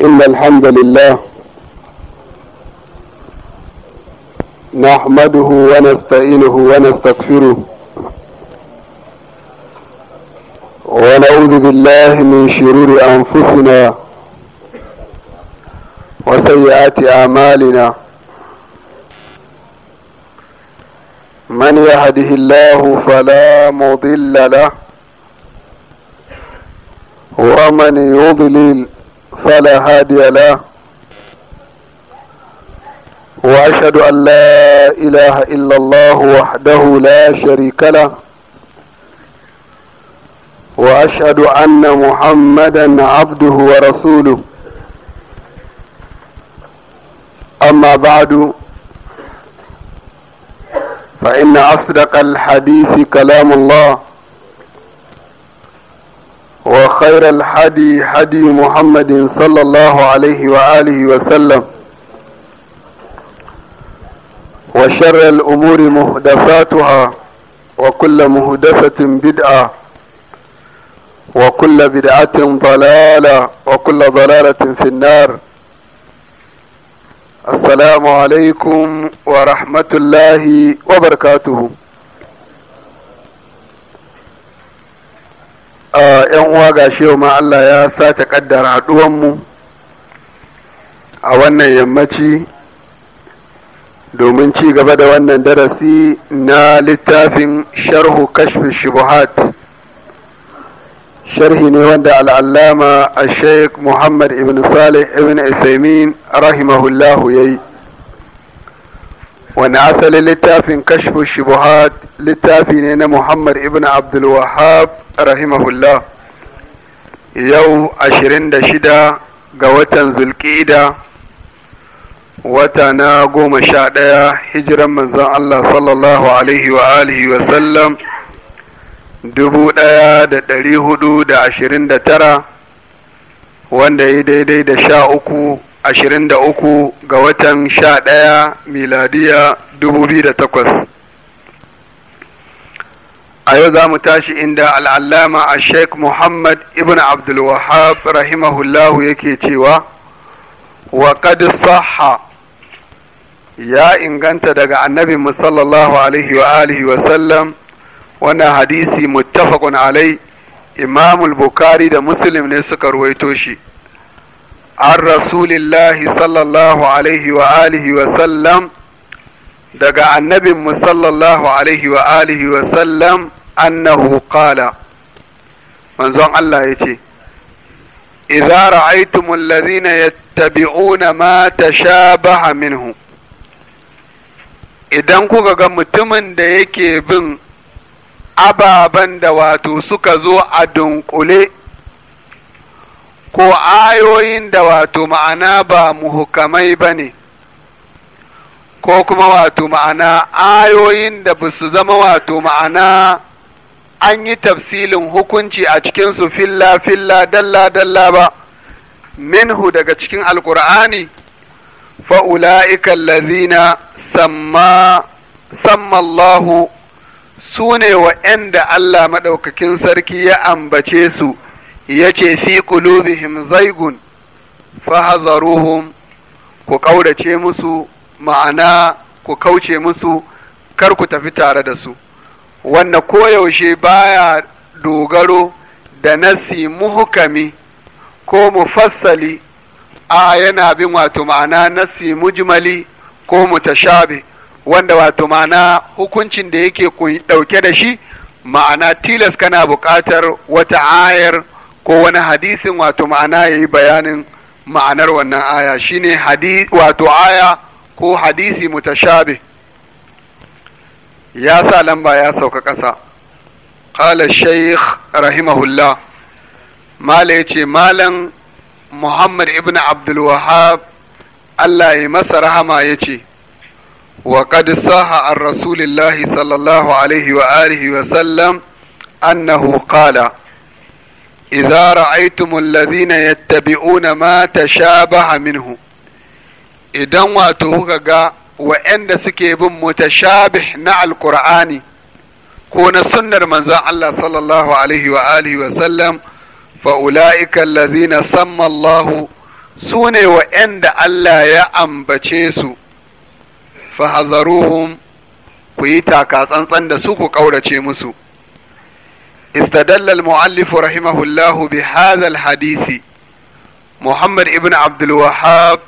إن الحمد لله نحمده ونستعينه ونستغفره ونعوذ بالله من شرور أنفسنا وسيئات أعمالنا من يهده الله فلا مضل له ومن يضلل فلا هادي له واشهد ان لا اله الا الله وحده لا شريك له واشهد ان محمدا عبده ورسوله اما بعد فان اصدق الحديث كلام الله وخير الحدي حدي محمد صلى الله عليه وآله وسلم وشر الأمور مهدفاتها وكل مهدفة بدعة وكل بدعة ضلالة وكل ضلالة في النار السلام عليكم ورحمة الله وبركاته Eh, yan uwa ga yau ma Allah ya sake kaddara haɗuwanmu a wannan yammaci domin ci gaba da wannan darasi na littafin sharhu kashfi shubuhat sharhi ne wanda al'allama a sheikh muhammad ibn salih ibn isaimin rahimahullahu ya yi wani asalin littafin kashfu shubuhat littafi ne na muhammad ibn abdulwahab rahimahullah yau ashirin da shida ga watan zulkida wata na goma sha ɗaya hijiran manzon allah sallallahu alaihi wa alihi wa sallam dubu ɗaya da ɗari hudu da ashirin da tara wanda ya daidai da sha uku ashirin da uku ga watan sha ɗaya miladiya dubu biyu da takwas a yau za mu tashi inda al'allama a sheikh muhammad ibn abdulwahab rahimahullahu yake cewa wa qad saha. ya inganta daga annabi sallallahu alaihi wa alihi wa sallam wannan hadisi muttafaqun alai imamul bukhari da muslim ne suka ruwaito shi an rasulillahi sallallahu alaihi wa alihi wa sallam daga annabinmu sallallahu alaihi wa alihi wa sallam annahu qala manzon Allah ya ce idza ra'aytumul ladhina yattabi'una ma tashabaha minhu idan kuka ga mutumin da yake bin ababen da wato suka zo a dunkule ko ayoyin da wato ma'ana ba muhukamai ba ne, ko kuma wato ma'ana ayoyin da ba su zama wato ma'ana an yi tafsilin hukunci a cikinsu filla-filla dalla-dalla ba, minhu daga cikin alkur'ani fa'ula'ikan lazina samma, samma Allahu su ne da Allah maɗaukakin sarki ya ambace su. yace fi qulubihim zaigun fahazaruhum ku ƙaurace musu ma'ana ku kauce musu kar ku tafi tare da su wanda koyaushe baya dogaro da nasi muhukami ko mufassali a yana bin wato ma'ana nasi mujmali ko mutashabi wanda wato ma'ana hukuncin da yake ɗauke da shi ma'ana tilas kana buƙatar wata ayar ko wani hadisin wato ma'ana ya yi bayanin ma'anar wannan aya shine wato aya ko hadisi mutashabih ya sa lamba ya sauka ƙasa ƙala shaykh rahimahullah mala ya ce malam muhammad ibn abdulwahab allah ya masa rahama ya ce wa qad saha an rasulillahi sallallahu alaihi wa alihi wa sallam annahu qala إذا رأيتم الذين يتبعون ما تشابه منه إذا واتوكا وإن سكيب متشابه نع القرآن كون سنة من الله صلى الله عليه وآله وسلم فأولئك الذين سمى الله سوني وإن الله يأم بچيسو فحذروهم كويتا كاسان سند قولة مسو استدل المؤلف رحمه الله بهذا الحديث محمد ابن عبد الوهاب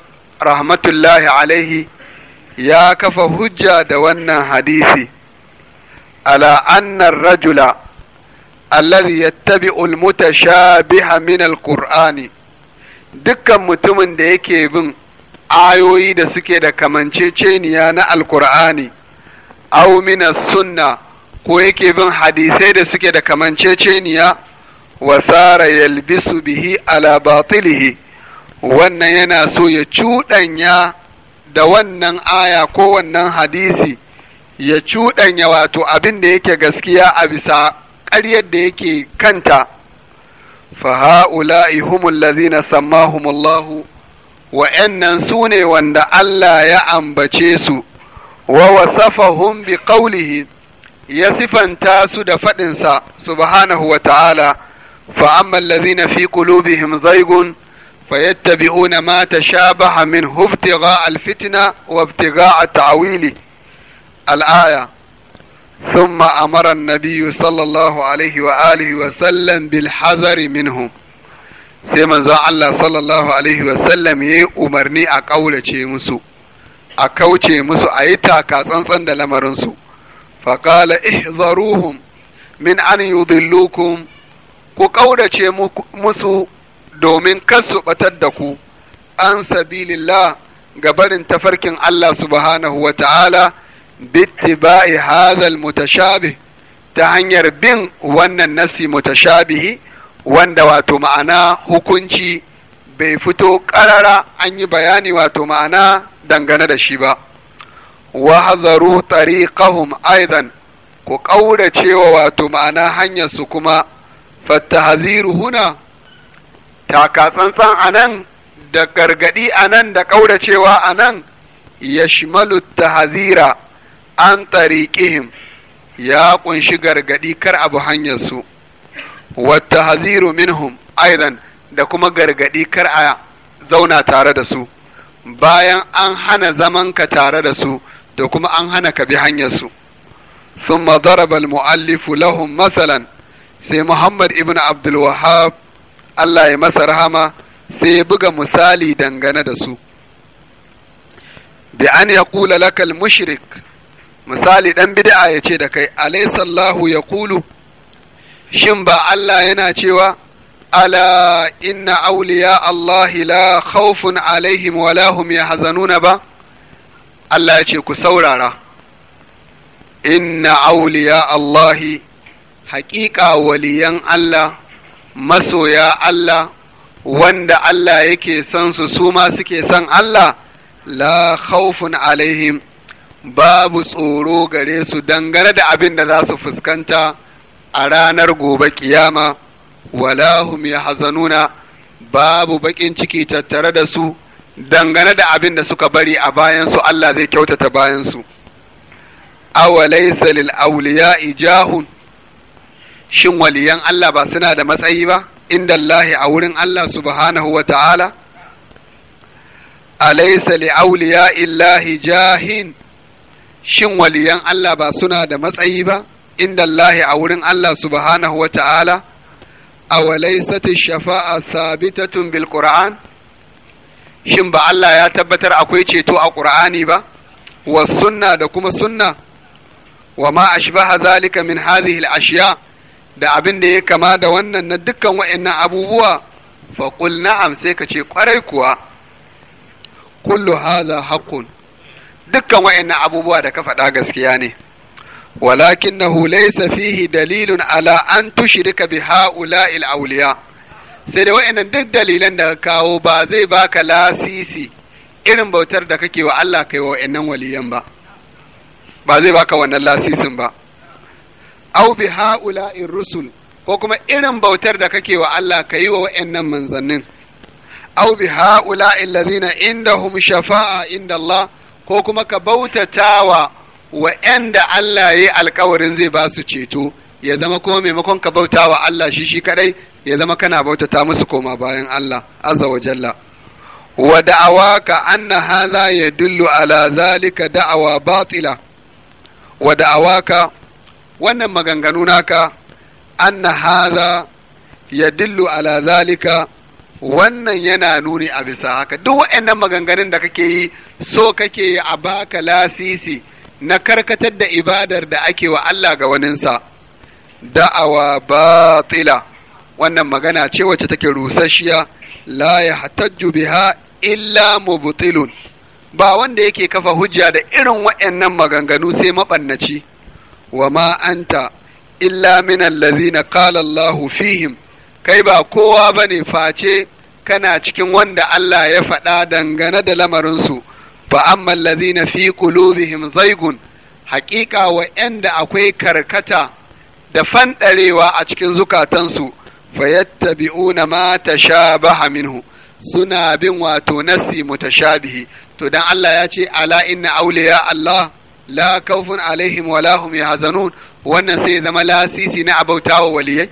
رحمة الله عليه يا كف هجة دونا حديثي على أن الرجل الذي يتبع المتشابه من القرآن dukkan mutumin da yake bin ayoyi da suke da kamanceceniya na alkur'ani au mina sunna ko yake bin hadisai da suke da kamanceceniya wa sara yalbisu bihi ala batilihi wannan yana so ya cuɗanya da wannan aya ko wannan hadisi ya cuɗanya wato abin da yake gaskiya a bisa ƙaryar da yake kanta fa ha'ula'i humul lazina sammahumullahu wa'yannan su ne wanda Allah ya ambace su wa wasafahum bi ya sifanta su da faɗinsa subhanahu wa ta'ala fa amma allazina fi qulubihim zaygun fayattabi'una ma tashabaha min ibtigha'a alfitna wa ibtigha'a ta'wili al-aya ثم أمر النبي صلى الله عليه وآله وسلم بالحذر منهم sai manzon Allah sallallahu alaihi wasallam ya yi umarni a ƙaulace musu a kauce musu a yi taka tsantsan da lamarinsu faƙala ihzaruhum min an yudillukum ku ƙaurace musu domin kasu batar da ku an sabilillah ga barin tafarkin Allah subhanahu wa ta'ala bittiba'i hadhal mutashabih ta hanyar bin wannan nasi mutashabihi wanda wato ma'ana hukunci bai fito ƙarara an yi bayani wato ma'ana dangane da shi ba. wahzaru tariqahum aidan ku ƙauracewa wato ma'ana hanyar su kuma fattahaziru huna taka tsantsan anan da gargadi anan da ƙauracewa anan yashmalu tahazira an tariqihim ya ƙunshi gargaɗi kar bi hanyar su wa tahaziru minhum aidan da kuma gargaɗi kar a zauna tare da su bayan an hana zamanka tare da su da kuma an hana ka bi hanyarsu Sun ضرب muallifu lahu masalan, sai Muhammad ibn Abdul Wahab Allah ya masa rahama sai ya buga misali dangane da su bi an kula lakal mushrik misali dan bid'a ya ce da kai alaysa ya kulu. shin ba Allah yana cewa ala inna auliya Allah la khawfun alaihim wa ya hazanuna ba Allah ya ce ku saurara inna auliya Allahi haƙiƙa waliyan Allah masoya Allah wanda Allah yake son su su ma suke son Allah la khawfun alaihim babu tsoro gare su dangane da abin da za su fuskanta a ranar gobe kiyama wala hum hazanuna? babu baƙin ciki tattare da su dangane da abin da suka bari a bayansu Allah zai kyautata bayansu awalaysa lil awliya'i jahun shin waliyan Allah ba suna da matsayi ba inda Allah a wurin Allah subhanahu wa ta'ala alaysa li awliya'i Allah jahin shin waliyan Allah ba suna da matsayi ba inda Allah a wurin Allah subhanahu wa ta'ala awalaysat ash-shafa'a thabitatun bil qur'an shin ba Allah ya tabbatar akwai ceto a ƙur'ani ba wa sunna da kuma sunna wa ma ashbaha zalika min hadhihi al-ashya da abin da ya kama da wannan na dukkan wa'annan abubuwa fa qul na'am sai ka ce kwarai kuwa kullu hadha haqqun dukkan wa'annan abubuwa da ka faɗa gaskiya ne ولكنه ليس ala an على أن bi ha'ula'il الأولياء sai da wa'annan duk dalilan da kawo ba zai baka lasisi irin bautar da kake wa Allah kai wa wa'annan waliyan ba ba zai baka wannan lasisin ba au bi ha'ula'in rusul ko kuma irin bautar da kake wa Allah ka yi wa wa'annan manzannin au bi ha'ula'in lazina indahum shafa'a inda Allah ko kuma ka bautata wa wa'anda Allah ya yi alkawarin zai ba su ceto ya zama kuma maimakon ka bauta wa Allah shi shi kadai ya zama kana bautata musu koma bayan Allah azza wa jalla wa da'awaka anna hadha yadullu ala zalika da'awa batila wa da'awaka wannan maganganu naka anna hadha yadullu ala zalika wannan yana nuni a bisa haka duk waɗannan maganganun da kake yi so kake yi a baka lasisi na karkatar da ibadar da ake wa Allah ga waninsa da'awa batila wannan magana ce wacce take rusasshiya la hatajju biha illa mubtilun ba wanda yake kafa hujja da irin waɗannan maganganu sai maɓannaci wa ma anta illa min allazina qala Allah fihim kai ba kowa bane face kana cikin wanda Allah ya faɗa dangane da lamarinsu fa amma allazina fi qulubihim zaygun haƙiƙa wa'anda akwai karkata da fanɗarewa a cikin zukatansu fayattabi'una ma baha minhu suna bin wato nasi mutashabihi to dan Allah ya ce ala inna auliya Allah la khawfun alaihim wa lahum yahzanun wannan sai zama lasisi na abautawa waliyai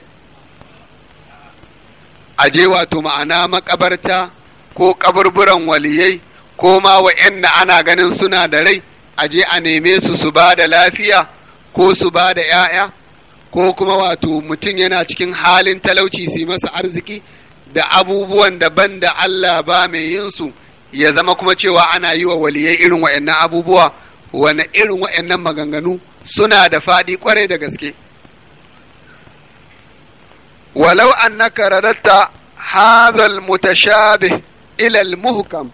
aje wato ma'ana makabarta ko kaburburan waliyai ko ma wa'anna ana ganin suna da rai aje a neme su su ba da lafiya ko su ba da 'ya'ya ko kuma wato mutum yana cikin halin talauci su masa arziki da abubuwan daban da Allah ba mai yin su ya zama kuma cewa ana yi wa waliyai irin wa'annan abubuwa wani irin wa'annan maganganu suna da faɗi kwarai da gaske walau annaka radatta hazal almutashabih ilal almuhkam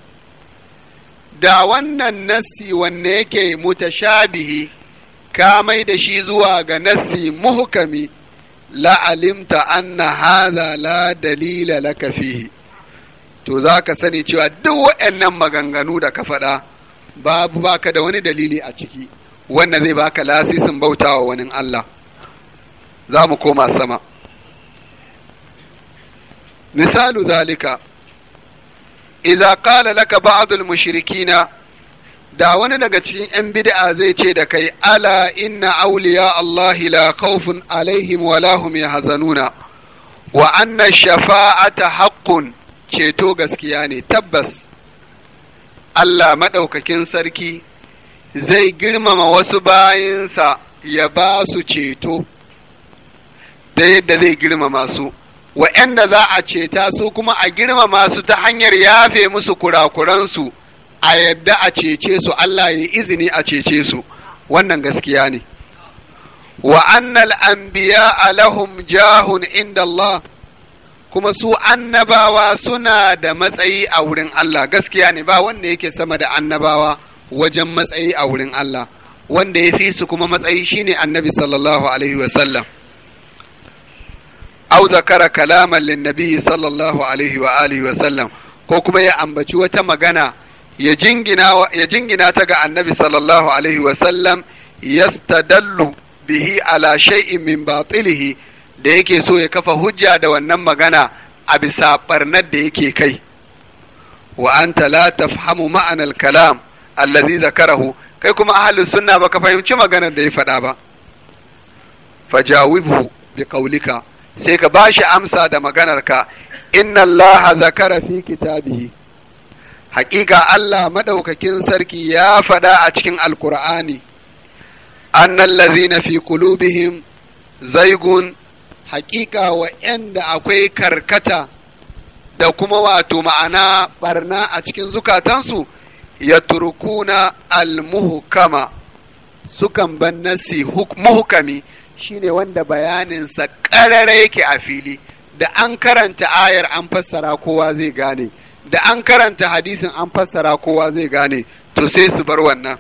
da wannan nasi wanne yake mutashabihi ka mai da shi zuwa ga nassi muhkami alimta anna hadha la dalila laka fihi to za ka sani cewa duk waɗannan maganganu da ka faɗa babu baka da wani dalili a ciki wannan zai baka lasisin bautawa wani Allah za mu koma sama misalu zalika idza qala laka ba'd al-mushrikina da wani daga cikin 'yan bid'a zai ce da kai ala inna auliya Allahi la khawfun alaihim wa lahum yahzanuna wa anna shafa'ata haqqun ceto gaskiya ne tabbas Allah maɗaukakin sarki zai girmama wasu bayinsa ya ba su ceto da yadda zai girmama su Waƴanda za a ceta su kuma a girmama su ta hanyar yafe musu kurakuransu a yadda a cece su Allah ya izini a cece su wannan gaskiya ne wa annal anbiya alahum jahun inda Allah kuma su annabawa suna da matsayi a wurin Allah gaskiya ne ba wanda yake sama da annabawa wajen matsayi a wurin Allah wanda ya fi su kuma matsayi shine annabi sallallahu alaihi wasallam au zakara kalaman linnabi sallallahu alaihi wa alihi wasallam ko kuma ya ambaci wata magana ya jingina ta ga annabi sallallahu alaihi wasallam yastadallu bihi ala shay'in min batilihi da yake so ya kafa hujja da wannan magana a bisa barnar da yake kai wa anta la tafhamu ma'anar kalam allazi zakarahu kai kuma ahli sunna ka fahimci maganar da ya faɗa ba fajawibhu bi qawlika sai ka bashi amsa da maganarka inna allaha zakara fi kitabihi hakika Allah madaukakin sarki ya faɗa a cikin alkur'ani annal ladzina fi qulubihim zaigun hakika wa'yanda akwai karkata da kuma wato ma'ana barna a cikin zukatansu ya na almuhukama sukan ban nasi muhukami shine wanda sa ƙarara yake a fili da an karanta ayar an fassara kowa zai gane. da an karanta hadisin an fassara kowa zai gane to sai su bar wannan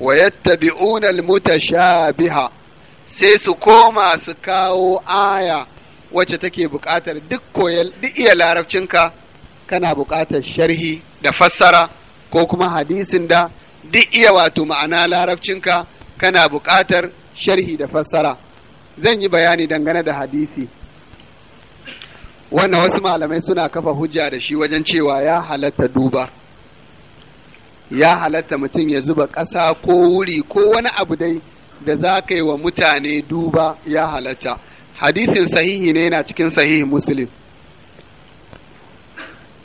wa yattabi'una almutashabiha sai su koma su kawo aya wacce take buƙatar duk koyal duk iya larabcinka kana buƙatar sharhi da fassara ko kuma hadisin da duk iya wato ma'ana larabcinka kana buƙatar sharhi da fassara zan yi bayani dangane da hadisi wannan wasu malamai suna kafa hujja da shi wajen cewa ya halatta duba ya halatta mutum ya zuba ƙasa ko wuri ko wani abu dai da za ka yi wa mutane duba ya halatta hadithin sahihi ne yana cikin sahihi muslim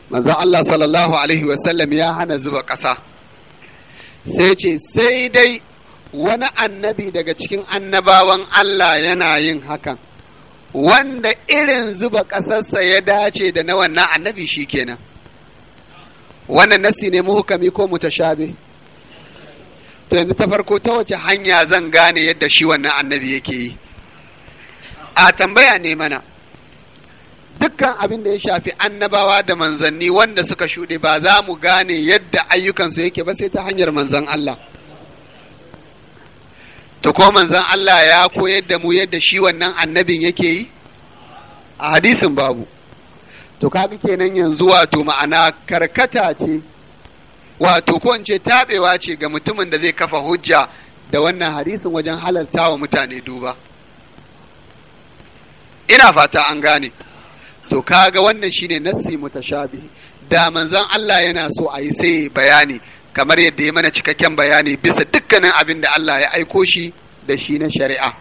manzon Allah sallallahu alaihi wasallam ya hana zuba ƙasa sai ce sai dai wani annabi daga cikin annabawan Allah yana yin hakan wanda irin zuba ƙasarsa ya dace da na wannan annabi shi kenan wannan nasi ne muhukami ko mutashabe to yanzu ta farko ta wace hanya zan gane yadda shi wannan annabi yake yi a tambaya ne mana dukkan abin da ya shafi annabawa da manzanni wanda suka shuɗe ba za mu gane yadda ayyukansu yake ba sai ta hanyar manzan Allah to ko manzon Allah ya koyar da mu yadda shi wannan annabin yake yi a hadisin babu to kaga kenan yanzu wato ma'ana karkata ce wato ko in ce tabewa ce ga mutumin da zai kafa hujja da wannan hadisin wajen halarta wa mutane duba ina fata an gane to kaga wannan shine nassi mutashabi da manzon Allah yana so a yi sai bayani kamar yadda ya mana cikakken bayani bisa dukkanin abin da Allah ya aiko shi da shi na shari'a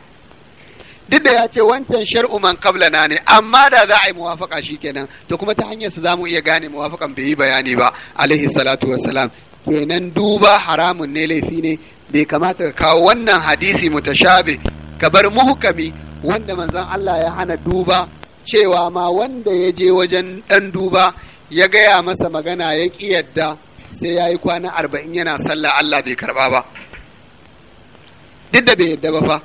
duk da ya ce wancan shar'u man na ne amma da za a yi muwafaka kenan to kuma ta hanyar su mu iya gane muwafakan bai yi bayani ba alaihi salatu wassalam kenan duba haramun ne laifi ne bai kamata ka kawo wannan hadisi mu ta mutashabi ka bar muhukami wanda manzon Allah ya hana duba cewa ma wanda ya je wajen ɗan duba ya gaya masa magana ya ƙi yadda sai ya yi kwana arba'in yana sallah Allah bai karba ba duk da bai yadda ba fa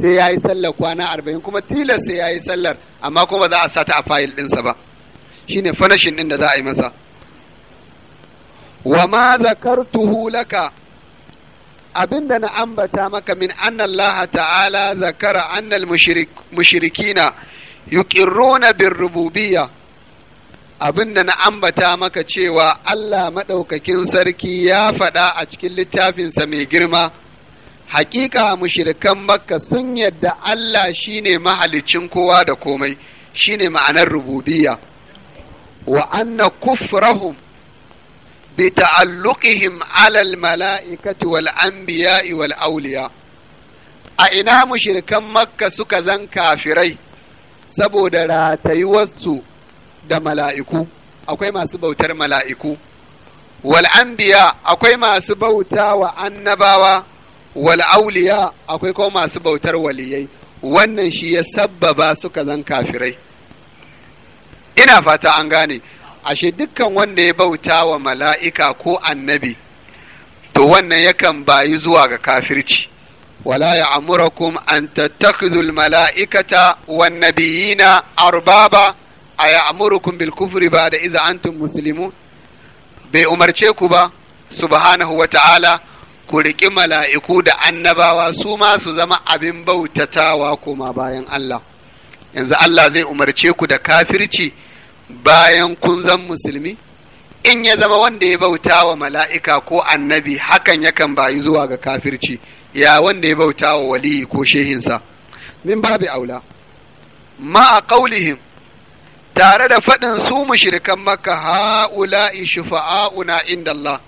sai ya yi sallar kwana arba'in kuma tilas sai ya yi sallar amma kuma za a sata a fayil ɗinsa ba shine fanashin ɗin da za a yi masa wa ma zakartuhu laka abinda na ambata maka min anna Allah ta'ala zakara annal mushrikina yuqirruna rububiya. abin da na ambata maka cewa Allah maɗaukakin sarki ya faɗa a cikin littafinsa mai girma, hakika mushirikan makka sun yadda Allah shi ne mahalicin kowa da komai shi ne ma'anar rububiya, wa anna kufrahum bi ta'alluqihim alal mala'ikati wal anbiya'i wal auliya. a ina mushirikan makka suka zan kafirai saboda ratayuwarsu da mala'iku akwai masu bautar mala'iku Wal'ambiya akwai masu bauta wa annabawa wal'auliya akwai kuma masu bautar waliyai wannan shi ya sabbaba suka zan kafirai ina fata an gane ashe dukkan wanda ya bauta wa mala'ika ko annabi to wannan yakan bayi zuwa ga kafirci wala ya amurakum an tattakhidul mala'ikata wan nabiyina arbaba A amurukum bil kufri ba da iza antum muslimun bai umarce ku ba subhanahu wa ta'ala ku riƙi mala'iku da annabawa su ma su zama abin bautatawa koma bayan Allah yanzu Allah zai umarce ku da kafirci bayan kun zan musulmi in ya zama wanda ya bauta wa mala'ika ko annabi hakan yakan bayi zuwa ga kafirci ya wanda ya bauta wa waliyi ko shehinsa min babu aula ma a ƙaulihim tare da faɗin su mushrikan maka ha'ula'i shufa'a'una inda Allah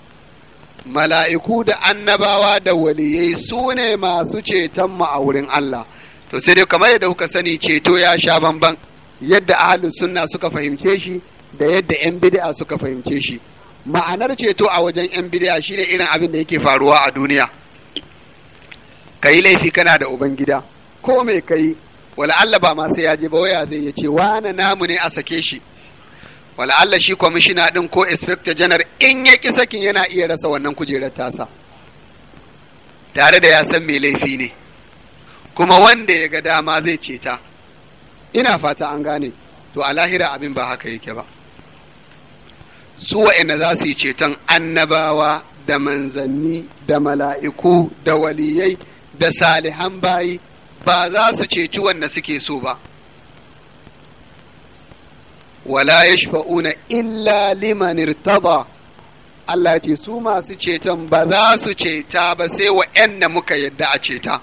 mala'iku da annabawa da waliyai su ne masu ceton mu a wurin Allah to sai dai kamar yadda kuka sani ceto ya sha bamban yadda ahlus sunna suka fahimce shi da yadda yan bid'a suka fahimce shi ma'anar ceto a wajen yan bid'a shine irin abin da yake faruwa a duniya kai laifi kana da ubangida ko mai kai wala Allah ba ma sai ba waya zai ya ce wane namu ne a sake shi wala Allah shi kwamishina din ko inspector janar? in ya ki sakin yana iya rasa wannan kujerar tasa tare da ya san mai laifi ne kuma wanda ya ga dama zai ce ta ina fata an gane to a lahira abin ba haka yake ba su wa'ina za su yi ceton annabawa da manzanni da mala'iku da waliyai da salihan bayi ba za su ceci wanda suke so ba wala ya in illa liman irtaba Allah ce su masu ceton ba za su ceta ba sai wa da muka yadda a ceta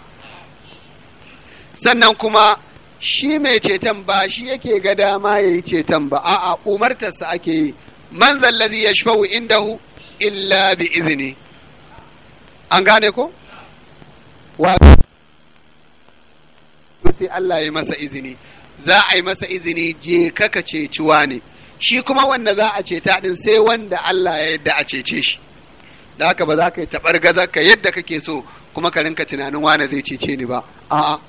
sannan kuma shi mai ceton ba shi yake ga dama ya yi ceton ba a'a umartarsa ake yi man zallazi ya shafau indahu illa bi izini an gane ko? wato sai Allah ya masa izini za a yi masa izini je kaka ceciwa ne shi kuma wanda za a ceta din sai wanda Allah ya yadda a cece shi da haka ba za ka yi tabar gaza ka yadda kake so kuma ka rinka tunanin wane zai cece ni ba a'a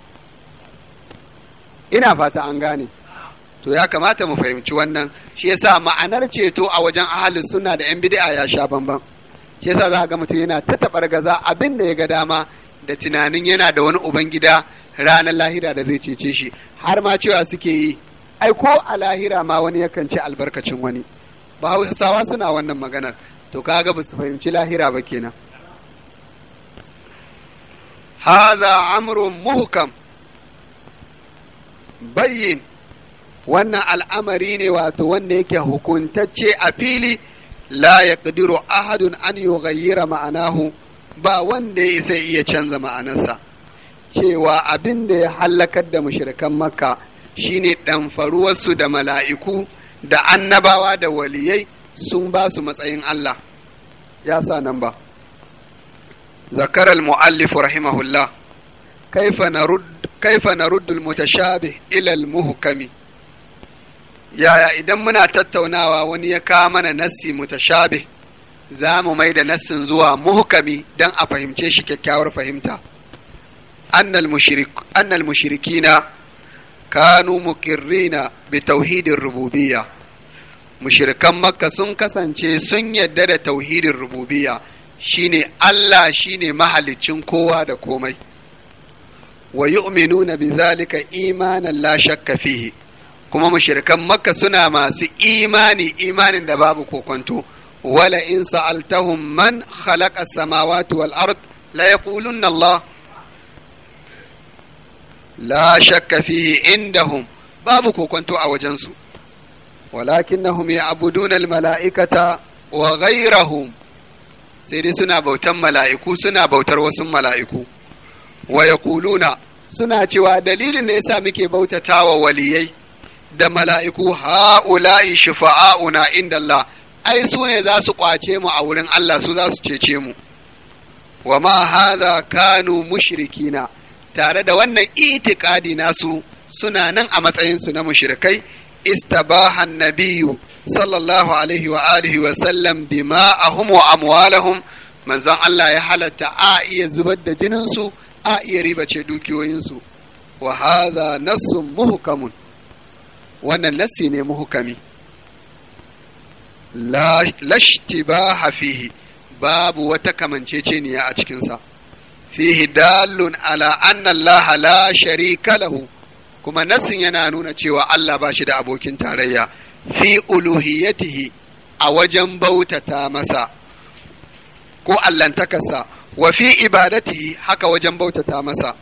ina fata an gane to ya kamata mu fahimci wannan shi yasa ma'anar ceto a wajen ahalin suna da yan bid'a ya sha bamban shi yasa za ga mutum yana ta taɓar gaza abin da ya ga dama da tunanin yana da wani ubangida ranar lahira da zai cece shi har ma cewa suke yi ai ko a lahira ma wani yakan ce albarkacin wani ba hausawa suna wannan maganar to kaga ba su fahimci lahira ba kenan hadha amrun muhkam bayyin wannan al'amari ne wato wanda yake hukuntacce a fili la ya ahadun an yughayyira ma'anahu ba wanda ya sai iya canza ma'anarsa cewa abin da ya hallakar da mushrikan makka shine faruwarsu da mala'iku da annabawa da waliyai sun ba su matsayin Allah ya sa nan ba zakar al-mu'allif rahimahullah kaifa narud kaifa naruddu al-mutashabih ila al-muhkami yaya idan muna tattaunawa wani ya kawo mana nassi mutashabih za mu mai da nassin zuwa muhkami don a fahimce shi kyakkyawar fahimta Annan mushrik mushrikina kanu muqirrina bi tauhidin rububiyya mushrikan makka sun kasance sun yarda da tauhidin rububiya. shine Allah shine mahalicin kowa da komai wa yu'minuna bi zalika imanan la shakka fihi kuma mushrikan makka suna masu imani imanin da babu kokonto wala in sa'altahum man khalaqa as-samawati wal art. la yaqulunna Allah la shakka fihi indahum babu kokonto a wajensu walakinnahum ya'buduna almala'ikata wa ghayrahum sai dai suna bautan mala'iku suna bautar wasu mala'iku wa yaquluna suna cewa dalilin da yasa muke bautatawa waliyai da mala'iku ha'ula'i shifa'a'una inda Allah ai su ne za su kwace mu a wurin Allah su za su cece mu wa ma hadha kanu mushrikina tare da wannan itikadi nasu suna nan a matsayinsu na mushrikai istabahan nabiyyu sallallahu alaihi wa alihi wa sallam dima'ahum wa amwalahum manzon Allah ya halatta a iya zubar da jininsu a iya ribace dukiyoyinsu wa hadha nassun muhkamun wannan lassi ne muhukami lashtibaha fihi babu wata kamanceceniya a cikinsa fihi dalun ala anna Allah la sharika lahu kuma nassin yana nuna cewa Allah ba shi da abokin tarayya fi uluhiyatihi a wajen bautata masa ko allantakarsa wa fi ibadatihi haka wajen bautata masa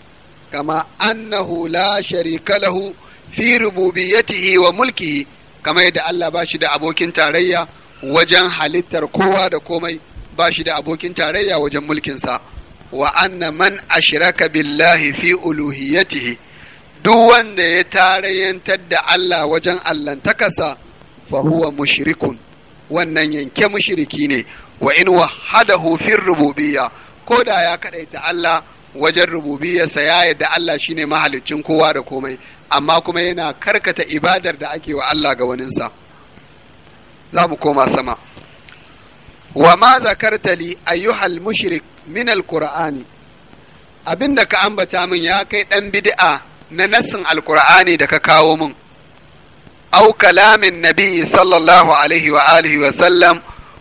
kama annahu la sharika lahu fi rububiyatihi wa mulkihi kama yadda Allah ba shi da abokin tarayya wajen halittar kowa da komai ba shi da abokin tarayya wajen mulkinsa. wa anna man ashraka billahi fi uluhiyatihi duk wanda ya tarayyantar da Allah wajen allantakarsa fa huwa mushrikun wannan yanke mushriki ne wa in wahadahu fi rububiyya ko da ya kadaita Allah wajen rububiyarsa ya yarda Allah shine mahaliccin kowa da komai amma kuma yana karkata ibadar da ake wa Allah ga waninsa za mu koma sama wa ma zakarta tali ayyuhal mushrik min abin abinda ka ambata min ya kai ɗan bid'a na nassin alqur'ani da ka kawo min au kalamin nabi sallallahu alaihi wa alihi wa sallam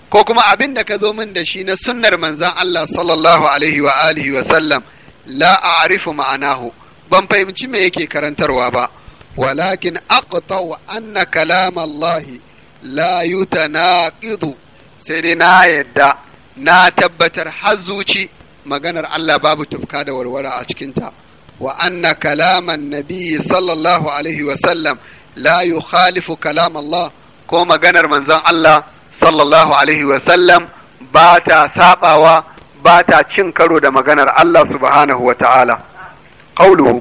ko kuma abin da ka zo min da shi na sunnar manzan Allah sallallahu alaihi wa alihi wa sallam la a'rifu ma'anahu ban fahimci me yake karantarwa ba walakin aqta wa anna kalam Allah la yutanaqidu sai dai na yadda na tabbatar har zuci maganar Allah babu tufka da warwara a cikinta wa anna kalaman nabiyyi sallallahu alaihi wa sallam la yukhalifu kalam Allah ko maganar manzon Allah sallallahu alaihi wa sallam ba ta sabawa ba ta cin karo da maganar Allah subhanahu wa ta'ala qawluhu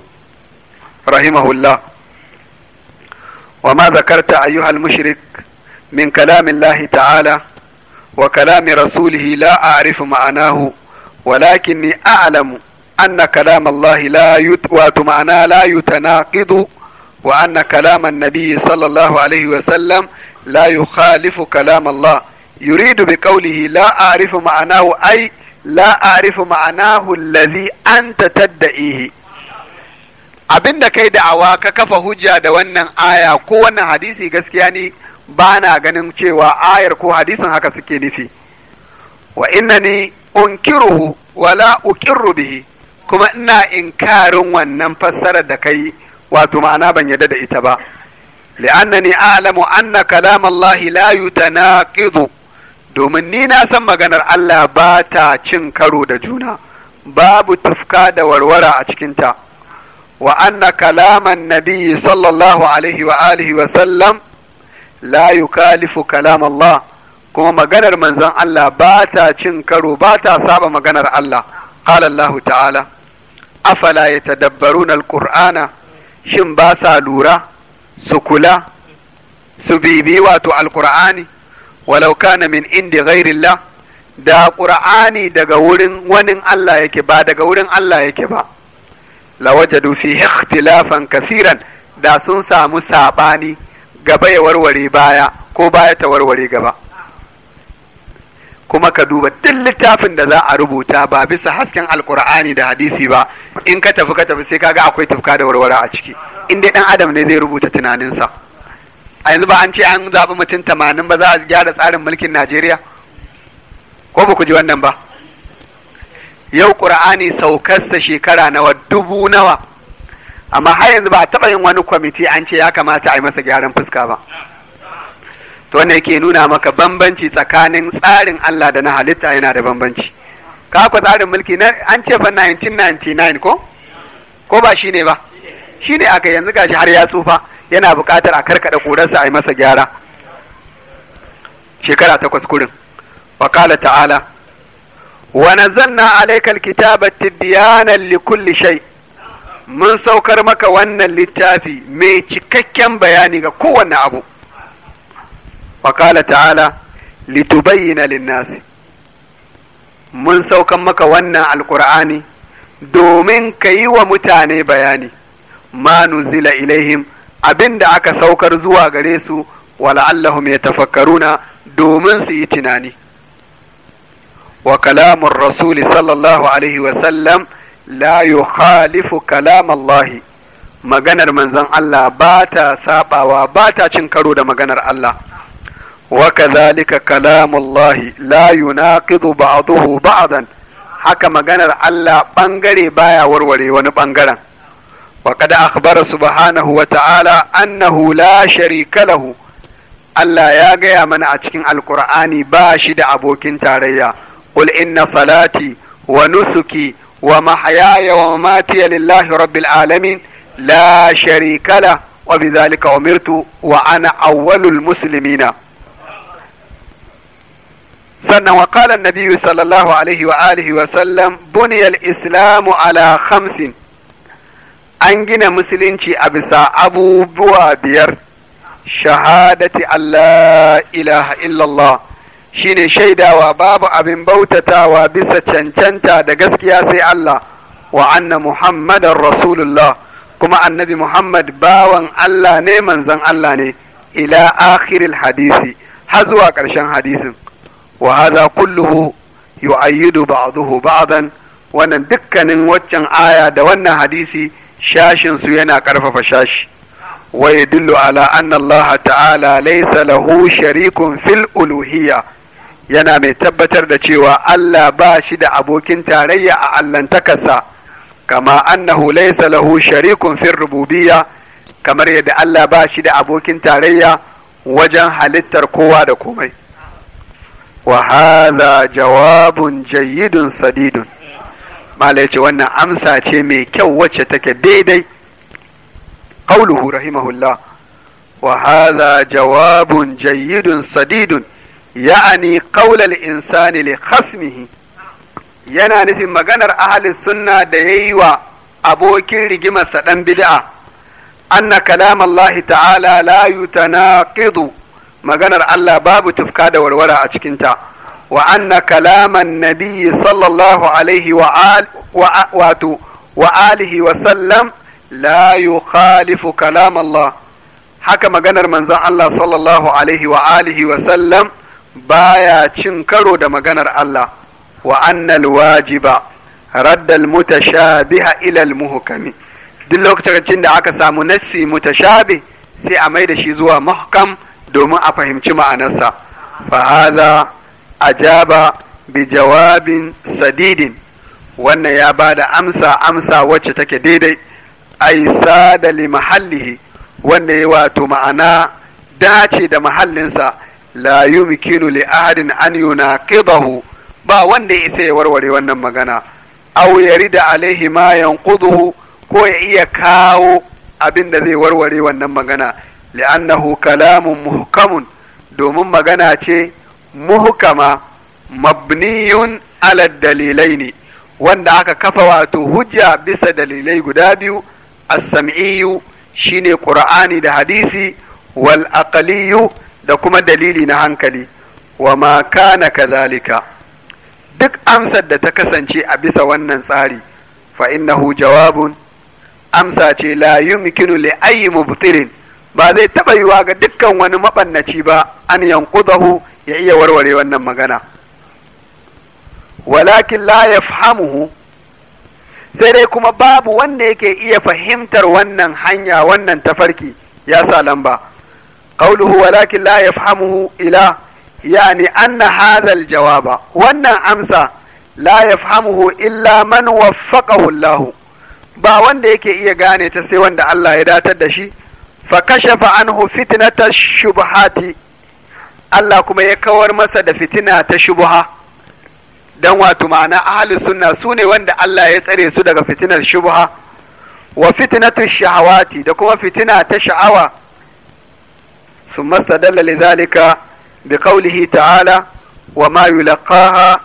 rahimahullah wa ma zakarta ayyuhal mushrik min kalamin Allah ta'ala wa kalami rasulihi la a'rifu ma'anahu walakinni a'lamu anna kalam Allah la wato ma'ana la yutanaqidu wa anna kalam an-nabi sallallahu alaihi sallam la yukhalifu kalam Allah yuridu bi qawlihi la a'rifu ma'anahu ay la a'rifu ma'anahu alladhi anta tad'ihi abinda kai da'awa ka kafa hujja da wannan aya ko wannan hadisi gaskiya ne ba na ganin cewa ayar ko hadisin haka suke nufi wa innani unkiruhu wala uqirru bihi kuma ina inkarin wannan fassarar da kai wato ma'ana ban yadda da ita ba li'annani a'lamu anna layu ta na yutanaqidu domin ni na san maganar Allah ba ta cin karo da juna babu tufka da warwara a cikinta wa anna kalaman nabi sallallahu alaihi wa alihi wa sallam la yukalifu kalam Allah kuma maganar manzon Allah ba ta cin karo ba ta saba maganar Allah qala Allah ta'ala afala yatadabbaruna alqur'ana shin ba sa lura su kula su bibi wato alqur'ani walau kana min indi ghairillah da qur'ani daga wurin wani Allah yake ba daga wurin Allah yake ba lawajadu fi ikhtilafan kasiran da sun samu sabani gaba ya warware baya ko baya ta warware gaba kuma ka duba duk littafin da za a rubuta ba bisa hasken alkur'ani da hadisi ba in ka tafi ka tafi sai kaga akwai tufka da warware a ciki in dai dan adam ne zai rubuta tunaninsa a yanzu ba an ce an zaɓi mutum tamanin ba za a gyara tsarin mulkin najeriya ko ba ku ji wannan ba yau ƙur'ani saukarsa shekara nawa dubu nawa amma har yanzu ba a taɓa yin wani kwamiti an ce ya kamata a yi masa gyaran fuska ba to wannan yake nuna maka bambanci tsakanin tsarin Allah da na halitta yana da bambanci ka ku tsarin mulki na an ce fa 1999 ko ko ba shine ba shine aka yanzu gashi har ya tsufa yana buƙatar a karkaɗa kurarsa a yi masa gyara shekara takwas kurin ta'ala تعالى ونزلنا عليك الكتاب تبيانا likulli شيء mun saukar maka wannan littafi mai cikakken bayani ga kowane abu waƙala ta'ala litubayyana linnasi mun saukan maka wannan alkur'ani domin ka yi wa mutane bayani ma nuzila ilaihim abin da aka saukar zuwa gare su mai tafakkaruna domin su yi tunani wa kalamun rasuli sallallahu alaihi wasallam sallam la khalifu kalam Allah maganar manzon Allah ba ta sabawa ba ta cin karo da maganar Allah wa kadhalika kalam Allah la yunaqidu ba'dahu ba'dan haka maganar Allah bangare baya warware wani bangaren وقد أخبر subhanahu وتعالى أنه لا شريك له Allah ya gaya mana a cikin Alƙur'ani ba shi da abokin tarayya, qul inna salati wa nusuki ومحياي ومماتي لله رب العالمين لا شريك له وبذلك أمرت وأنا أول المسلمين سنة وقال النبي صلى الله عليه وآله وسلم بني الإسلام على خمس an gina أبسا أبو بوابير شهادة أن لا إله إلا الله shine shaidawa babu abin bautatawa bisa cancanta da gaskiya sai Allah wa anna Muhammadan Rasulullah kuma annabi Muhammad bawan Allah ne manzon Allah ne ila akhiril hadisi har zuwa ƙarshen hadisin wa hadha kulluhu yu'ayyidu ba'dahu ba'dan wannan dukkanin waccan aya da wannan hadisi shashin su yana ƙarfafa shashi wa yadullu ala anna Allah ta'ala laysa lahu sharikun fil uluhiya? yana mai tabbatar da cewa Allah ba shi da abokin tarayya a allahntakarsa kama annahu laysa lahu sharikun fil rububiya. kamar yadda Allah ba shi da abokin tarayya wajen halittar kowa da komai Wahaza jawabun jayyidun sadidun ce wannan amsa ce mai kyau wacce take daidai qauluhu rahimahullah wa hadha jawabun jayyidun sadidun ya'ani qaulal insani li khasmihi yana nufin maganar ahli sunna da yayi wa abokin rigimarsa ɗan bid'a anna kalam Allah ta'ala la yutanaqidu maganar Allah babu tufka da warwara a cikinta wa anna kalaman nabiyyi sallallahu alaihi wa wato wa alihi wa sallam la haka maganar manzon Allah sallallahu alaihi wa alihi baya cin karo da maganar Allah wa annal wajiba raddal mutashabiha ila al muhkami duk lokacin da aka samu nassi mutashabi sai a mai da shi zuwa muhkam domin a fahimci ma'anarsa fa hadha ajaba bi jawabin sadidin wannan ya ba da amsa amsa wacce take daidai ai sada li mahallihi wanda ya wato ma'ana dace da mahallinsa la yumkinu li ahadin an yunaqidahu ba wanda ya isa ya warware wannan magana aw yarida alaihi ma yanquduhu ko ya iya kawo abin da zai warware wannan magana li'annahu kalamun muhkamun domin magana ce muhkama mabniyun ala dalilai ne wanda aka kafa wato hujja bisa dalilai guda biyu as-sam'iyyu shine qur'ani da hadisi wal aqliyyu da kuma dalili na hankali wa ma kana kazalika duk amsar da ta kasance a bisa wannan tsari fa innahu jawabun amsa ce la yumkinu li ayyi mubtirin ba zai taba yiwa ga dukkan wani mabannaci ba an yanqudahu ya iya warware wannan magana walakin la yafhamuhu sai dai kuma babu wanda yake iya fahimtar wannan hanya wannan tafarki ya sa lamba قوله ولكن لا يفهمه إله يعني أن هذا الجواب وأن أمسى لا يفهمه إلا من وفقه الله ba wanda yake iya gane ta sai wanda Allah ya datar da shi fa kashafa anhu fitnata shubhati Allah kuma ya kawar masa da fitina ta shubha dan wato ma'ana ahlus sunna sune wanda Allah ya tsare su daga fitinar shubha wa fitnatu shahawati da kuma fitina ta sha'awa ثم استدل لذلك بقوله تعالى وما يلقاها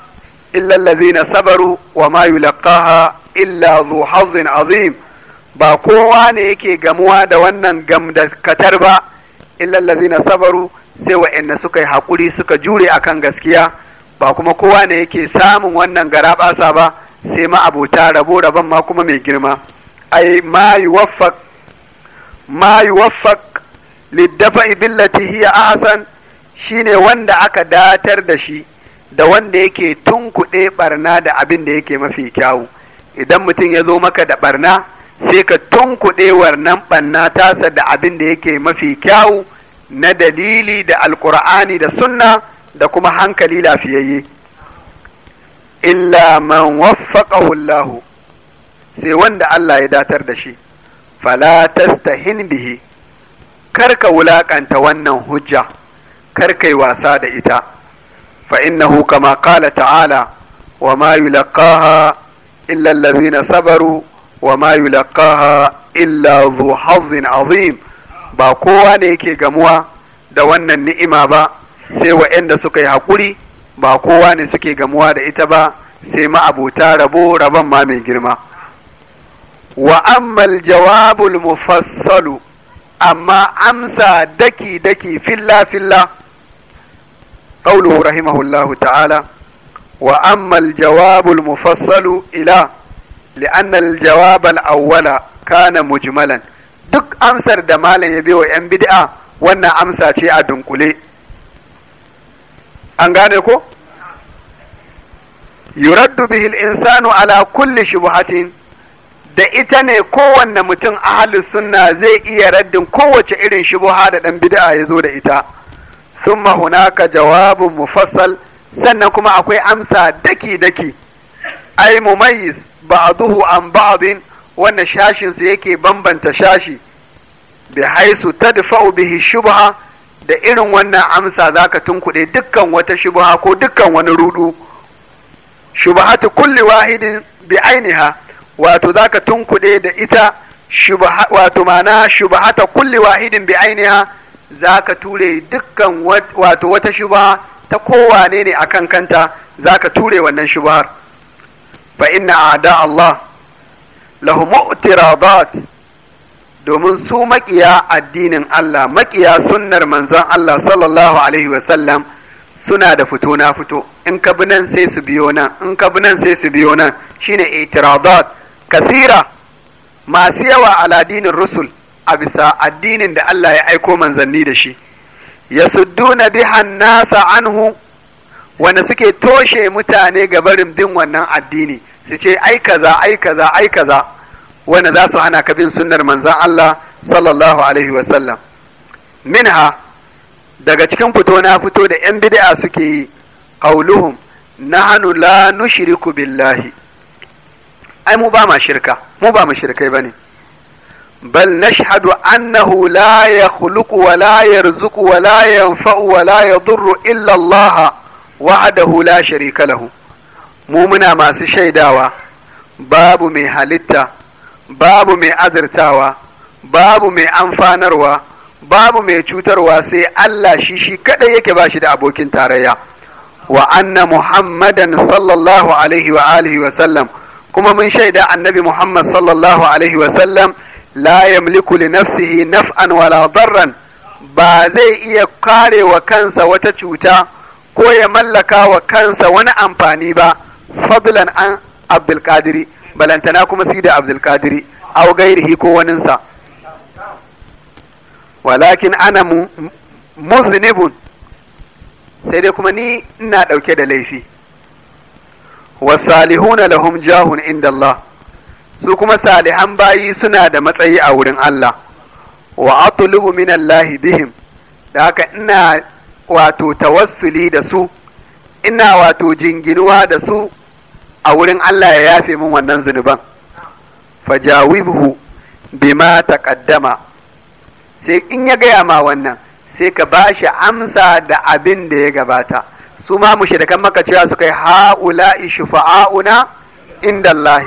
إلا الذين صبروا وما يلقاها إلا ذو حظ عظيم ba kowa ne yake gamuwa da wannan gamdakatar ba illal ladina sabaru sai wa'anda suka yi haƙuri suka jure akan gaskiya ba kuma kowa ne yake samun wannan garaɓasa ba sai ma abota rabo rabon ma kuma mai girma ai ma yuwaffaq ma liddafa billati hiya ahsan shine wanda aka datar da shi da wanda yake tunkuɗe barna da abin da yake mafi kyawu idan mutum ya zo maka da barna sai ka tunkuɗe wannan barna tasa da abin da yake mafi kyawu na dalili da alkur'ani da sunna da kuma hankali lafiyayye illa man waffaqahu Allah sai wanda Allah ya datar da shi fala tastahin bihi Kar ka wulaƙanta wannan hujja kar yi wasa da ita fa innahu kama qala ta'ala wa ma yulaqaha illa allazina sabaru wa ma yulaqaha illa dhu hazzin azim ba kowa ne yake gamuwa da wannan ni'ima ba sai wa'anda suka yi haƙuri ba kowa ne suke gamuwa da ita ba sai ma'abuta rabo rabon ma mai girma wa ammal jawabul mufassalu amma amsa daki daki filla filla قوله rahimahullahu ta'ala, wa ammal الجواب mufassalu ila لان الجواب الاول kana mujmalan duk amsar da malam ya biyo yan bid'a wannan amsa ce a dunkule an gane ko yuraddu bihil al-insanu ala kulli shubhatin da ita ne kowanne mutum ahali sunna zai iya raddin kowace irin shubuha da ɗan bid'a ya zo da ita ka jawabin mu mufassal sannan kuma akwai amsa daki daki ai ba a duhu an abin wannan shashinsu yake bambanta shashi bi haisu tadfa'u bihi shubha da irin wannan amsa za zaka tunkuɗe dukkan wata shubha ko dukkan wani rudu shubhatu kulli wahidin bi ainiha wato ka tunkuɗe da ita wato mana shubahata kulli wahidin bi ainiha ka ture dukkan wato wata shubha ta kowane ne akan kanta zaka ture wannan shubhar fa inna a'da Allah lahu mu'tiradat domin su makiya addinin Allah makiya sunnar manzon Allah sallallahu alaihi wa sallam suna da fito na fito in ka bi nan sai su biyo nan in ka bi nan sai su biyo nan shine itiradat kasira masu yawa a ladinin rusul a bisa addinin da Allah ya aiko manzanni da shi ya yasudduna bihan nasa anhu wanda suke toshe mutane ga barin bin wannan addini su ce ai kaza ai kaza ai kaza wanda za su hana ka bin sunnar manzan Allah sallallahu alaihi wasallam minha daga cikin fito na fito da 'yan bid'a suke yi qauluhum hannu la nushriku billahi ai mu ba ma shirka mu ba mu shirkai bane bal nashhadu annahu la yakhluqu wa la yarzuqu wa la yanfa'u wa la yadurru illa Allah wa'adahu la sharika lahu mu muna masu shaidawa babu mai halitta babu mai azurtawa babu mai amfanarwa babu mai cutarwa sai Allah shi shi kadai yake ba shi da abokin tarayya wa anna muhammadan sallallahu alaihi wa alihi wa sallam kuma mun shaida annabi Muhammad sallallahu alaihi wasallam la yamliku li nafsihi naf'an wala darran ba zai iya kare wa kansa wata cuta ko ya mallaka wa kansa wani amfani ba fadlan an abdul balantana kuma si da abdul au gairihi ko waninsa walakin ana muznibun sai dai kuma ni ina ɗauke da laifi wasalihuna lahum jahun inda Allah su kuma salihan bayi suna da matsayi a wurin Allah wa atlubu min Allah bihim da haka ina wato tawassuli da su ina wato jinginuwa da su a wurin Allah ya yafe min wannan zunuban fajawibhu bima taqaddama sai in ya gaya ma wannan sai ka bashi amsa da abin da ya gabata su ma mushrikan maka cewa suka yi ha'ula'i shufa'auna inda Allah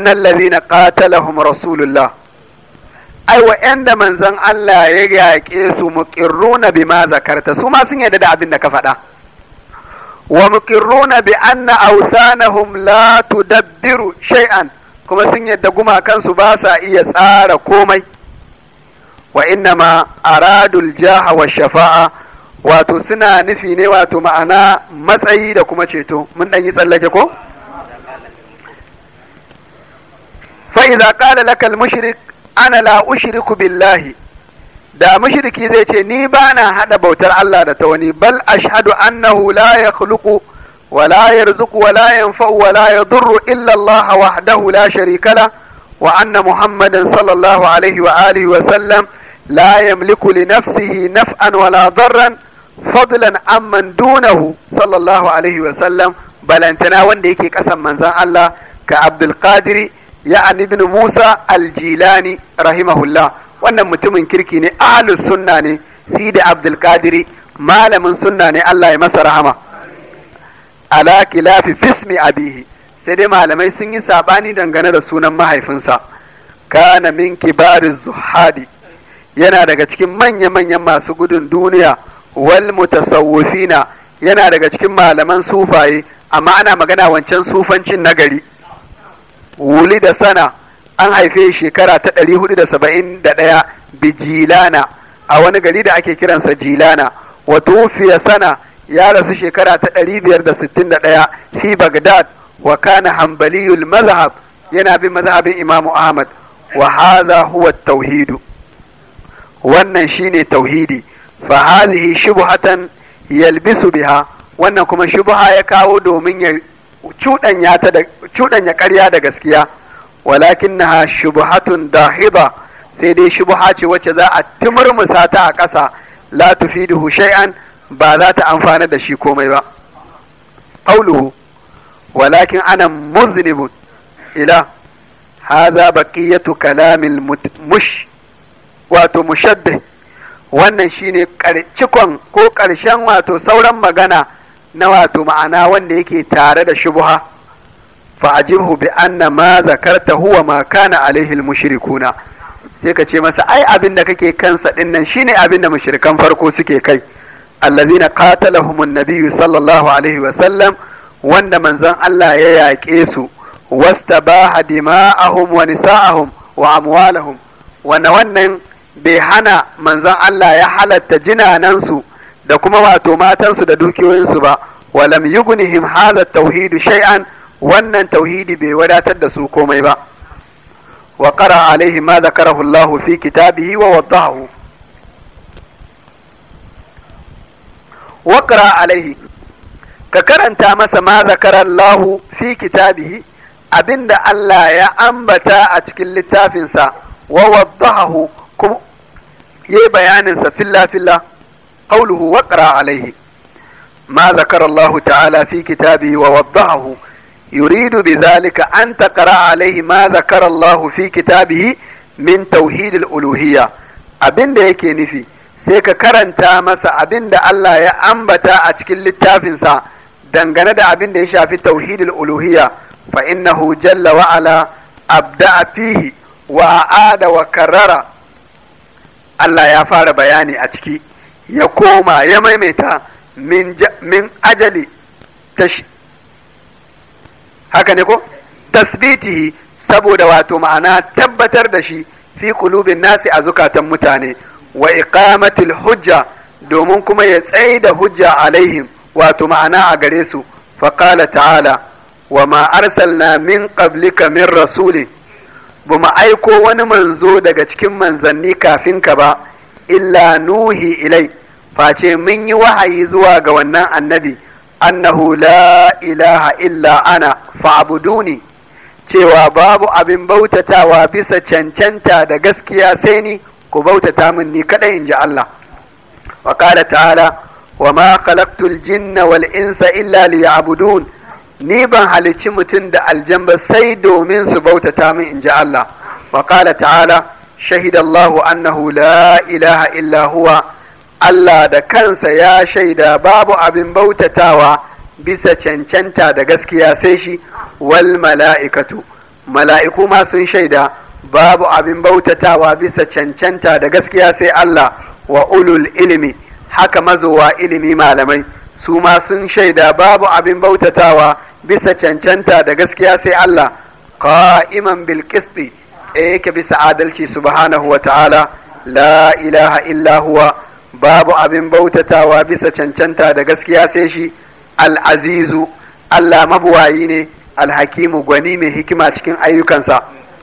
na ladina qatalahum rasulullah ai da manzon Allah ya yaƙe su bi bima zakarta su ma sun yarda da abin da ka faɗa wa muqirruna bi an na awthanahum la dabbiru shay'an kuma sun yadda gumakansu ba sa iya tsara komai wa inna ma aradul jaha wa shafa'a wato suna nufi ne wato ma'ana matsayi da kuma ceto mun dan yi tsallake ko fa idza qala laka al mushrik ana la ushriku billahi da mushriki zai ce ni ba na hada bautar Allah da ta wani bal ashhadu annahu la yakhluqu wa la yarzuqu wa la yanfa'u wa la yadurru illa Allah wahdahu la sharika la wa anna muhammadan sallallahu alaihi wa alihi wa sallam la yamliku li nafsihi naf'an wa la darran fadlan amman dunahu sallallahu alaihi wa sallam balantana wanda yake kasan manzan Allah ka Abdul Qadir ya ibn Musa al-Jilani rahimahullah wannan mutumin kirki ne ahlus sunna ne sidi Abdul Qadir malamin sunna ne Allah ya masa rahama ala kilafi fismi abihi sai dai malamai sun yi sabani dangane da sunan mahaifinsa kana min kibariz zuhadi yana daga cikin manya-manyan masu gudun duniya wal mutasawwifina yana daga cikin malaman sufaye amma ana magana wancan sufancin nagari wuli da sana an haife shekara ta 471 bijilana a wani gari da ake kiransa jilana wa tufiya sana ya rasu shekara ta 561 fi bagdad wa kana hanbaliyul mazhab yana bin mazhabin imamu ahmad wa hadha huwa tauhidu wannan shine tauhidi fa hadhihi shubhatan yalbisu biha wannan kuma shubha ya kawo domin ya ya ta da cuɗanya ƙarya da gaskiya walakinnaha shubhatun dahiba sai dai shubha ce wacce za a timurmusa ta a ƙasa la tufiduhu shay'an ba za ta amfana da shi komai ba qawluhu walakin ana muznibun ila hadha baqiyatu kalamil mush wato wannan shine cikon ko ƙarshen wato sauran magana na wato ma'ana wanda yake tare da shubha fa'ajibhu bi anna ma zakarta huwa ma kana alaihi mushrikuna sai ka ce masa ai abin da kake kansa din nan shine abin da mushrikan farko suke kai allazina qatalahumun nabiyyu sallallahu alaihi wa sallam wanda manzon Allah ya yaƙe su wastabaha dima'ahum wa nisa'ahum wa amwalahum wanda wannan bai hana manzon Allah ya halatta jinanansu da kuma wato matansu da dukiyoyinsu ba walam yughnihim hadha tauhidu shay'an wannan tauhidi bai wadatar da su komai ba wa qara alaihi ma Allah fi kitabihi wa waddahu wa qara alaihi ka karanta masa ma zakara Allah fi kitabihi abinda Allah ya ambata a cikin littafinsa wa waddahu kuma yayi bayanin sa filla filla qawluhu wa qara alaihi ma zakara Allah ta'ala fi kitabihi wa waddahu يريد بذلك أن تقرأ عليه ما ذكر الله في كتابه من توحيد الألوهية أبن ده يكي نفي سيكا كرنتا مسا أبن ده الله يأنبتا أتكل التافنسا دنغنا ده أبن ده يشافي توحيد الألوهية فإنه جل وعلا أبدأ فيه وأعاد وكرر Allah ya fara bayani a ciki ya koma ya maimaita min ajali haka ne ko tasbitihi saboda wato ma'ana tabbatar da shi fi kulubin nasi a zukatan mutane wa iqamatil hujja domin kuma ya tsaye da hujja alaihim wato ma'ana a gare su faqala ta'ala wa ma arsalna min qablika min rasulin ba mu aiko wani manzo daga cikin manzanni kafin ka ba illa nuhi ilai face mun yi wahayi zuwa ga wannan annabi annahu la ilaha illa ana fa'buduni cewa babu abin bautatawa bisa cancanta da gaskiya sai ni ku bautata min ni kaɗai in ji Allah wa ta'ala wa ma khalaqtul jinna wal insa illa liya'budun ni ban halicci mutum da aljan sai domin su bautata min in ji Allah wa ta'ala ta'ala shahidallahu annahu la ilaha illa huwa Allah da kansa ya shaida babu abin bautatawa bisa cancanta da gaskiya sai shi wal mala'ikatu mala'iku ma sun shaida babu abin bautatawa bisa cancanta da gaskiya sai Allah wa ulul ilimi haka mazowa ilimi malamai su ma sun shaida babu abin bautatawa bisa cancanta da gaskiya sai Allah qa'iman bil qisti eh, yake bisa adalci subhanahu wa ta'ala la ilaha illa huwa babu abin bautatawa bisa cancanta da gaskiya sai shi al-azizu Allah mabuwayi ne alhakimu hakimu gwani mai hikima cikin ayyukansa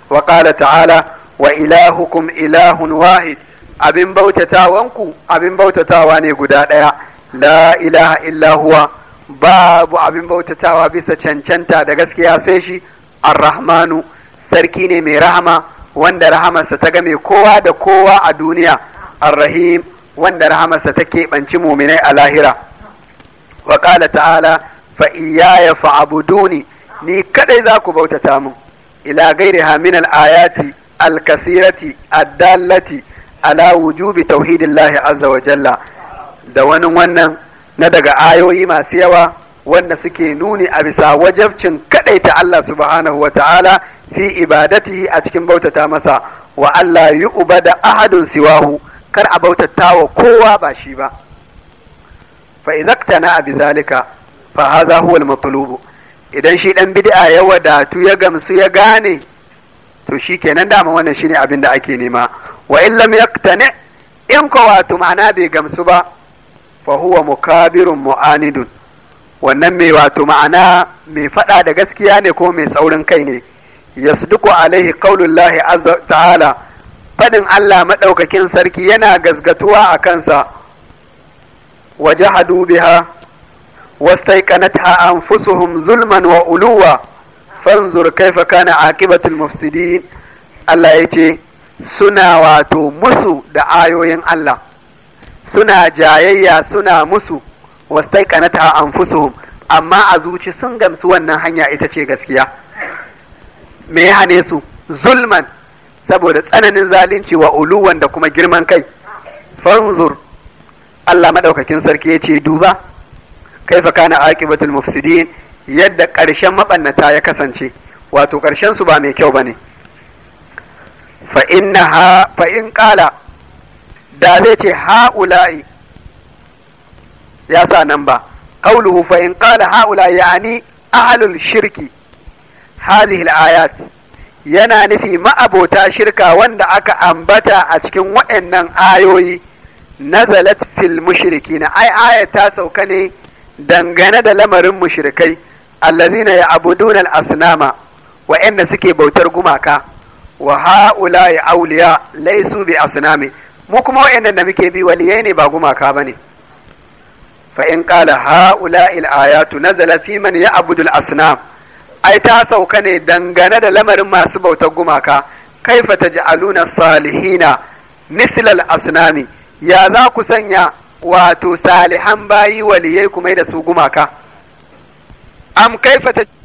wa qala ta'ala wa ilahukum ilahun wahid abin bautatawanku abin bautatawa ne guda ɗaya la ilaha illa huwa babu abin bautatawa bisa cancanta da gaskiya sai shi arrahmanu sarki ne mai rahama wanda rahamarsa ta game kowa da kowa a duniya arrahim wanda rahamarsa ta keɓanci muminai a lahira wa ƙala ta'ala fa iyaya duni. ni kadai za ku bautata mu. ila gairiha hamin al'ayati ayati al-kasirati ala wujubi tauhidillahi azza wa jalla da wani wannan na daga ayoyi masu yawa wanda suke nuni a bisa wajabcin kadaita Allah subhanahu wa ta'ala fi ibadatihi a cikin bautata masa wa Allah yi uba da ahadun siwahu kar a bautatawa kowa ba shi ba fa izaktana a bizalika fa haza huwa al idan shi dan bid'a ya wadatu ya gamsu ya gane to shi kenan dama wannan shine abin da ake nema wa in lam in kowa ma'ana bai gamsu ba فهو مكابر mukabirun mu'anidun wannan mai wato ma'ana mai faɗa da gaskiya ne ko mai tsaurin kai ne yasduku alaihi qaulullahi azza ta'ala faɗin Allah maɗaukakin sarki yana gazgatuwa a kansa wajahadu biha wastaiqanatha anfusuhum zulman wa uluwa fanzur kaifa kana aqibatul mufsidin Allah yace suna wato musu da ayoyin Allah suna jayayya suna musu wastai kanata anfusuhum amma a zuci sun gamsu wannan hanya ita ce gaskiya me ya hane su zulman saboda tsananin zalunci wa uluwan da kuma girman kai fanzur Allah madaukakin sarki ya ce duba kaifa kana aqibatul mufsidin yadda ƙarshen maɓannata ya kasance wato ƙarshen su ba mai kyau bane fa innaha fa in qala da zai ce ha'ula'i ya sa nan ba qauluhu fa in ƙala ha'ula'i yani ahlul shirki hadhihi ayat yana nufi ma'abota shirka wanda aka ambata a cikin waɗannan ayoyi nazalat fil mushrikina ai ayat ta sauka ne dangane da lamarin mushrikai allazina ya'buduna al-asnama wayanda suke bautar gumaka wa ha'ula'i awliya laysu bi asnami mu kuma wa'annan da muke bi waliyai ne ba gumaka ba ne fa in qala haula il ayatu nazala fi man ya'budu al asnam ai ta sauka ne dangane da lamarin masu bautar gumaka kaifa taj'aluna salihina misla al asnami ya za ku sanya wato salihan bayi waliyai kuma da su gumaka am kaifa